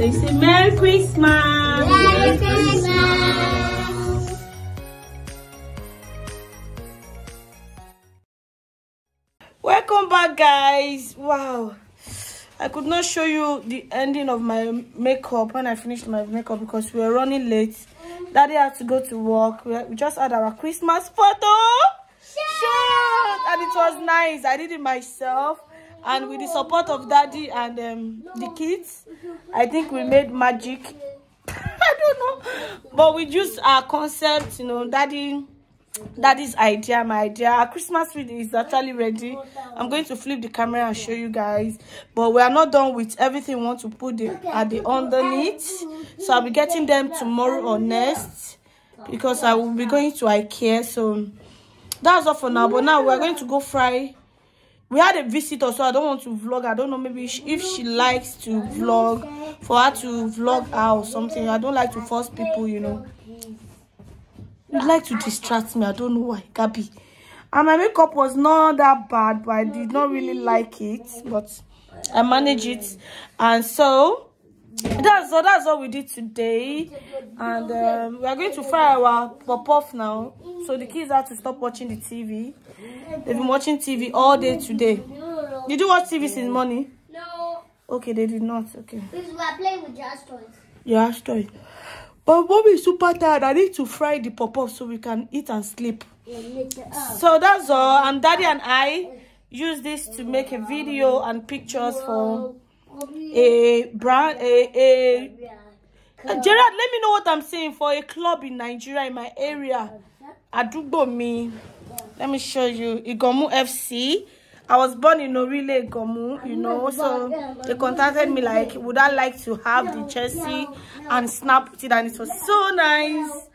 They say Merry Christmas. Merry Christmas. Welcome back guys. Wow. I could not show you the ending of my makeup when I finished my makeup because we were running late. Daddy had to go to work. We just had our Christmas photo shot, and it was nice. I did it myself. and with the support of daddy and um, the kids i think we made magic i don't know but we used our concept you know daddy daddy's idea my idea our christmas tree is actually ready i'm going to flip the camera and show you guys but we are not done with everything we want to put the at the underneath so i'll be getting them tomorrow or next because i will be going to ikea so that's all for now but now we're going to go fry we had a visitor so i don't want to vlog i don't know maybe she, if she likes to vlog for her to vlog out or something i don't like to force people you know you like to distract me i don't know why Gabby. and my makeup was not that bad but i did not really like it but i managed it and so that's all that's all we did today and um, we are going to fry our pop-off now so the kids have to stop watching the tv they've been watching tv all day today did you watch tv since morning no okay they did not okay we were playing with your toys your story but mommy is super tired i need to fry the pop-off so we can eat and sleep so that's all and daddy and i use this to make a video and pictures for a brand a a Gerard, let me know what I'm saying for a club in Nigeria in my area. Adugbo mi. Let me show you. Igomu FC. I was born in Orile Igomu, you know, so they contacted me like, would I like to have the jersey and snap it? And it was so nice.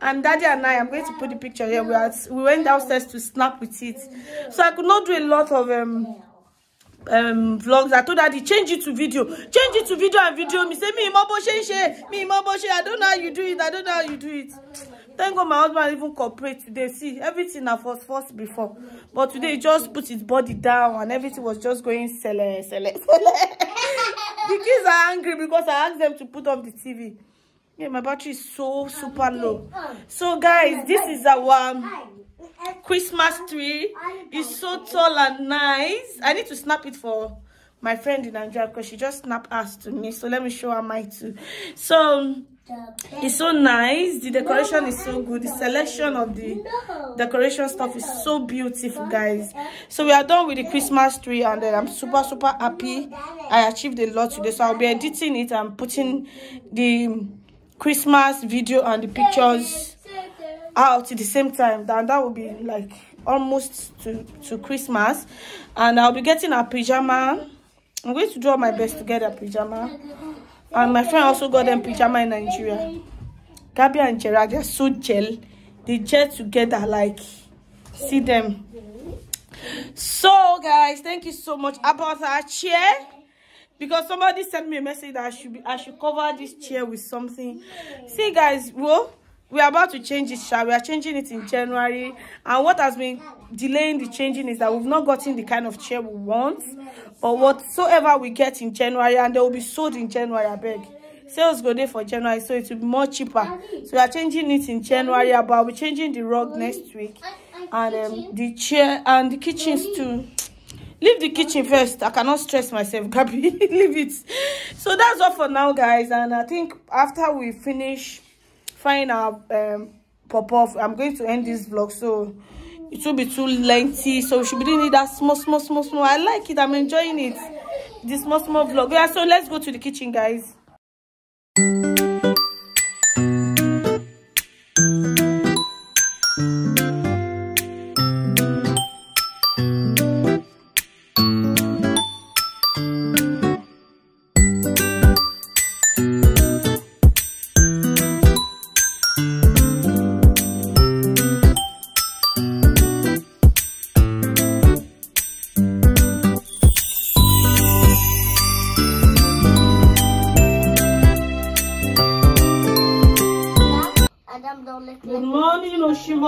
And daddy and I, I'm going to put the picture here. We, are, we went downstairs to snap with it. So I could not do a lot of um, um, vlogs i told daddy change it to video change it to video and video me say me mọ bó ṣe ń ṣe mi mọ bó ṣe i don't know how you do it i don't know how you do it thank god my husband even cooperate today see everything I first first before but today he just put his body down and everything was just going sele sele sele the kids are angry because i asked them to put up the tv Yeah, my battery is so super low. Um, so guys, this is our Christmas tree. It's so tall and nice. I need to snap it for my friend in Nigeria because she just snapped us to me. So let me show her my too. So it's so nice. The decoration is so good. The selection of the decoration stuff is so beautiful, guys. So we are done with the Christmas tree and I'm super, super happy. I achieved a lot today. So I'll be editing it and putting the Christmas video and the pictures out at the same time then that will be like almost to to Christmas and I'll be getting a pyjama I'm going to do my best to get a pyjama and my friend also got them pyjama in Nigeria Gabby and Gerard they're so gel they gel together like see them so guys thank you so much about our chair because somebody sent me a message that I should be I should cover this chair with something. See guys, well, we are about to change this chair. we are changing it in January. And what has been delaying the changing is that we've not gotten the kind of chair we want. But whatsoever we get in January and they will be sold in January, I beg. Sales go there for January, so it will be more cheaper. So we are changing it in January, but we're changing the rug next week. And um, the chair and the kitchens too leave the kitchen first i cannot stress myself gabby leave it so that's all for now guys and i think after we finish find our um pop off i'm going to end this vlog so it will be too lengthy so we should be doing it that small small small small i like it i'm enjoying it this small small vlog yeah so let's go to the kitchen guys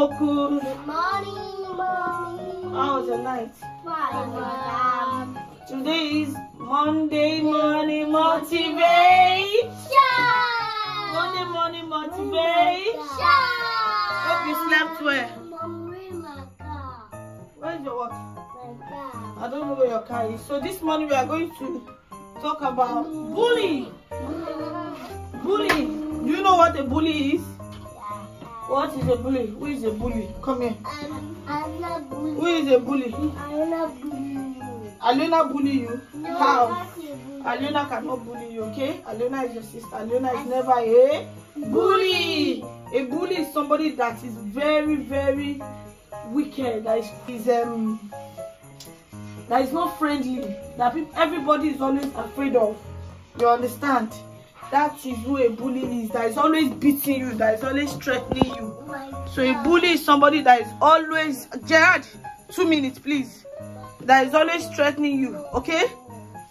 Good morning, mommy. How your night? Fine, Today is Monday morning motivation. Monday morning motivation. Hope you slept well. Where's your work? I don't know where your car is. So this morning we are going to talk about bullying. Bullying. Do you know what a bully is? What is a bully? Who is a bully? Come here. Um, I'm not bully. Who is a bully? I'm bully you. Alena bully you? No, How? bully. Alena cannot bully you, okay? Alena is your sister. Alena is I never a bully. bully. A bully is somebody that is very, very wicked. That is, is um, that is not friendly. That everybody is always afraid of. You understand? that is who a bully is that is always beating you that is always threatening you so a bully is somebody that is always gerard two minutes please that is always threatening you okay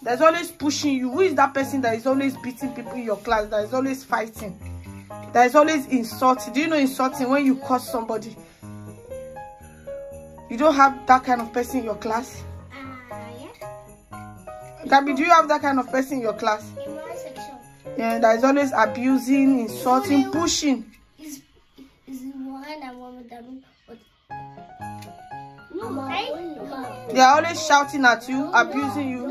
that is always pushing you who is that person that is always beating people in your class that is always fighting that is always insulting do you know insulting when you curse somebody you don't have that kind of person in your class uh, yeah. Gabby, do you have that kind of person in your class yeah yeah, that is always abusing, insulting, pushing. Is is one and one with them. No, eh? they are always shouting at you, abusing you.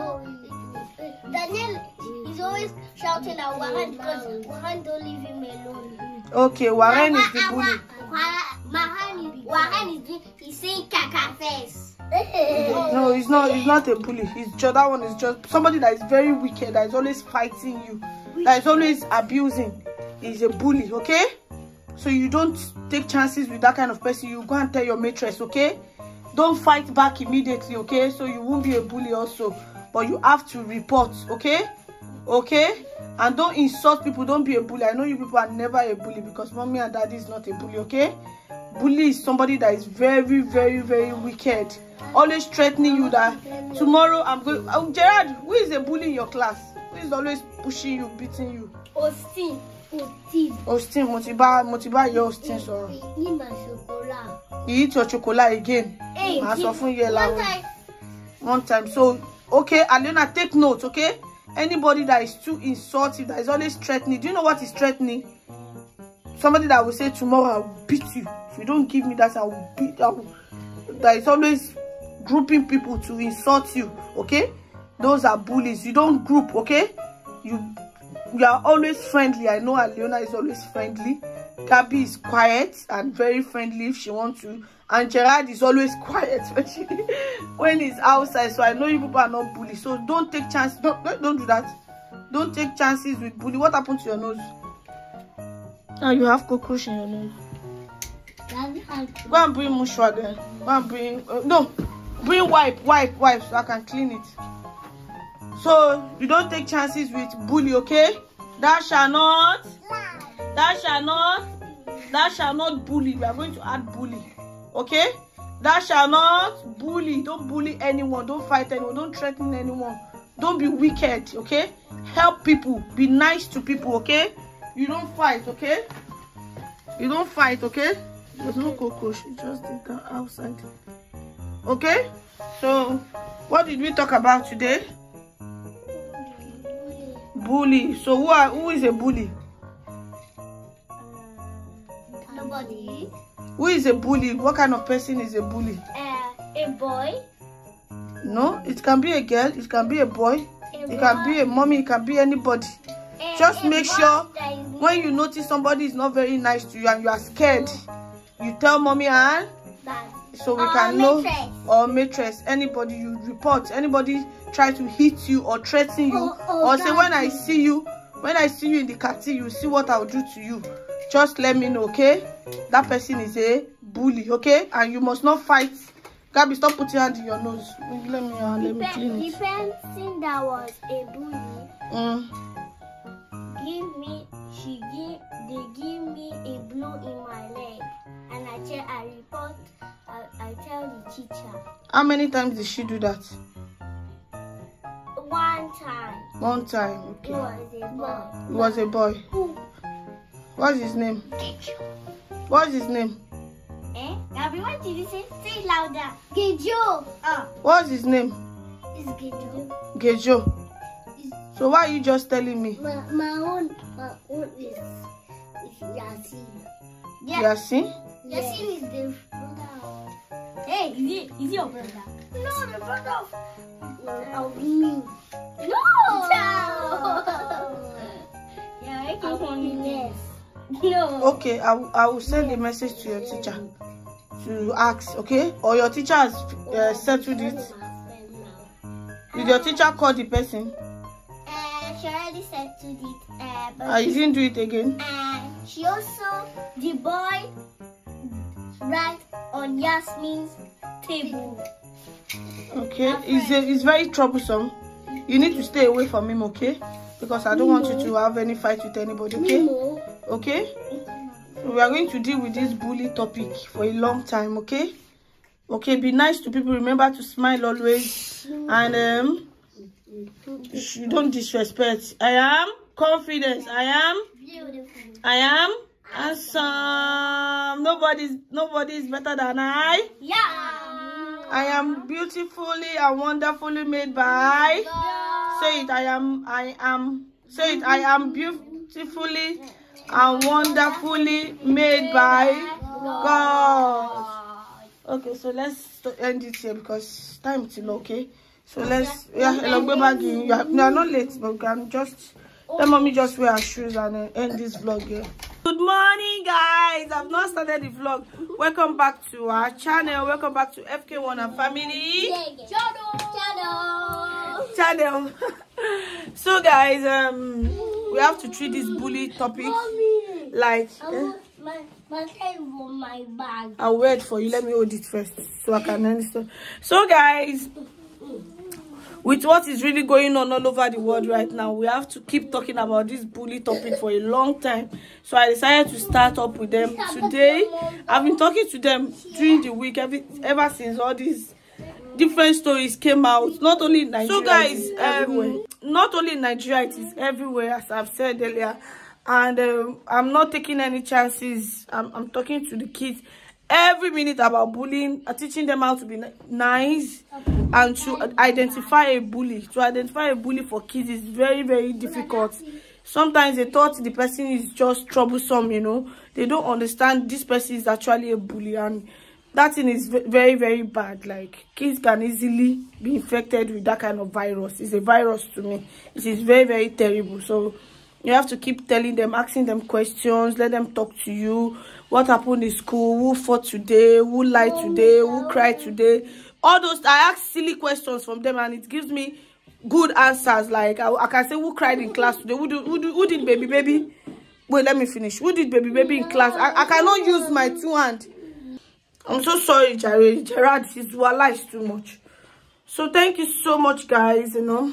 Daniel is always shouting at Warren because Warren don't leave him alone. Okay, Warren is the bully. Warren, Warren is doing, he's saying caca face. no, he's not. He's not a bully. He's just that one is just somebody that is very wicked that is always fighting you that is always abusing is a bully okay so you don't take chances with that kind of person you go and tell your mistress. okay don't fight back immediately okay so you won't be a bully also but you have to report okay okay and don't insult people don't be a bully i know you people are never a bully because mommy and daddy is not a bully okay bully is somebody that is very very very wicked always threatening you that tomorrow i'm going oh, gerard who is a bully in your class who is always pushing you, beating you. Austin, Austin. Austin, Motiba, Motiba, your Austin, sorry. Eat my chocolate. You eat your chocolate again. Hey, one time. One time. So, okay, Alena, take note, okay? Anybody that is too insultive, that is always threatening. Do you know what is threatening? Somebody that will say tomorrow I will beat you. If you don't give me that, I will beat. I That is always grouping people to insult you, okay? Those are bullies. You don't group, okay? you you are always friendly i know Aliona is always friendly gabby is quiet and very friendly if she wants to and gerard is always quiet when she when he's outside so i know you people are not bully so don't take chances don't, don't don't do that don't take chances with bully what happened to your nose now ah, you have cockroach in your nose go and bring mushroom again go and bring uh, no bring wipe wipe wipe so i can clean it so you don't take chances with bully, okay? That shall not. That shall not. That shall not bully. We are going to add bully, okay? That shall not bully. Don't bully anyone. Don't fight anyone. Don't threaten anyone. Don't be wicked, okay? Help people. Be nice to people, okay? You don't fight, okay? You don't fight, okay? There's no cocoa. She just did that outside. Okay? So, what did we talk about today? Bully. So who are, who is a bully? Uh, nobody. Who is a bully? What kind of person is a bully? Uh, a boy. No, it can be a girl, it can be a boy, a it boy. can be a mommy, it can be anybody. A, Just a make sure when you notice somebody is not very nice to you and you are scared, you tell mommy and Dad so we or can know or matress anybody you report anybody try to hit you or threaten you or, oh, or, oh, or say when i see you when i see you in the cafeteria you see what i'll do to you just let me know okay that person is a bully okay and you must not fight Gabby, stop putting hand in your nose. Let me, uh, let me clean it. The that was a bully, mm. give me, she give, they give me a blow in my leg and I tell I report I, I tell the teacher. How many times did she do that? One time. One time, okay. was a boy. It was a boy. Who? What's his name? Gejo. What's his name? Eh? Gabi, what did you say? Say it louder. Gejo. Uh. Ah. What's his name? It's Gejo. Gejo. So why are you just telling me? My, my own, my own is, is Yasin. Yeah. Yasin? Yes, is the brother. Hey, is he is he your brother? No, the brother of me. No. yeah, I can only yes. No. Okay, I, I will send yes. a message to your teacher to ask, okay? Or your teacher has uh, oh, settled it. Did your teacher call the person? Uh, she already settled it. Uh, but uh, you didn't do it again? Uh, she also, the boy right on Yasmin's table. Okay, it's, a, it's very troublesome. You need to stay away from him, okay? Because I don't Mimo. want you to have any fight with anybody, okay? Mimo. Okay? So we are going to deal with this bully topic for a long time, okay? Okay, be nice to people. Remember to smile always. And um, you don't disrespect. I am confidence. I am. Beautiful. I am. Awesome. Nobody's nobody's better than I. Yeah. I am beautifully and wonderfully made by. Yeah. Say it. I am. I am. Say it. I am beautifully and wonderfully made by God. Okay, so let's end it here because time low. okay. So let's yeah, hello, go You are, not late, but I'm just. Let mommy just wear her shoes and end this vlog here. Yeah good morning guys i've not started the vlog welcome back to our channel welcome back to fk1 and family channel channel so guys um we have to treat this bully topic like eh? my, my my bag i'll wait for you let me hold it first so i can understand so guys with what is really going on all over the world right now we have to keep talking about this bully topic for a long time so i decided to start up with them today i've been talking to them during the week every, ever since all these different stories came out not only in nigeria so guys um, not only in nigeria it is everywhere as i've said earlier and um, i'm not taking any chances i'm, I'm talking to the kids every minute about bullying uh, teaching them how to be nice and to identify a bully to identify a bully for kids is very very difficult sometimes they thought the person is just troublesome you know they don't understand this person is actually a bully and that thing is very very bad like kids can easily be infected with that kind of virus it's a virus to me it is very very terrible so you have to keep telling them asking them questions let them talk to you what happened in school who fought today who lied oh today who cried today all those i ask silly questions from them and it gives me good answers like i, I can say who cried in class today who, do, who, do, who did baby baby wait let me finish who did baby baby in class i, I cannot use my two hand i'm so sorry Jared. gerard his wallah is too much so thank you so much guys you know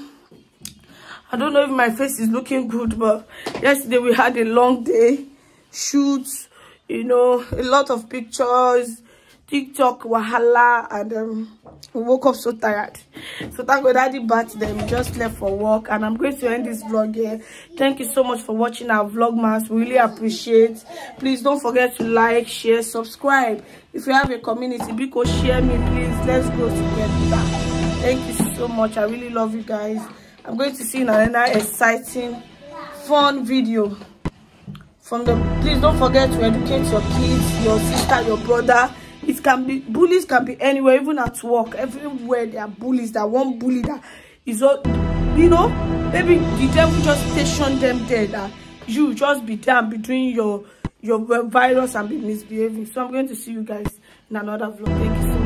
I don't know if my face is looking good, but yesterday we had a long day, shoots, you know, a lot of pictures, TikTok, wahala, and um, we woke up so tired. So thank God I did bath them, we just left for work, and I'm going to end this vlog here. Thank you so much for watching our vlogmas, we really appreciate. Please don't forget to like, share, subscribe. If you have a community, because share me, please. Let's go together. Thank you so much. I really love you guys. I'm going to see you in another exciting, fun video. From the please don't forget to educate your kids, your sister, your brother. It can be bullies can be anywhere, even at work. Everywhere there are bullies. That one bully that is all you know. Maybe the devil just station them there that you just be there between your your virus and be misbehaving. So I'm going to see you guys in another vlog. Thank you so much.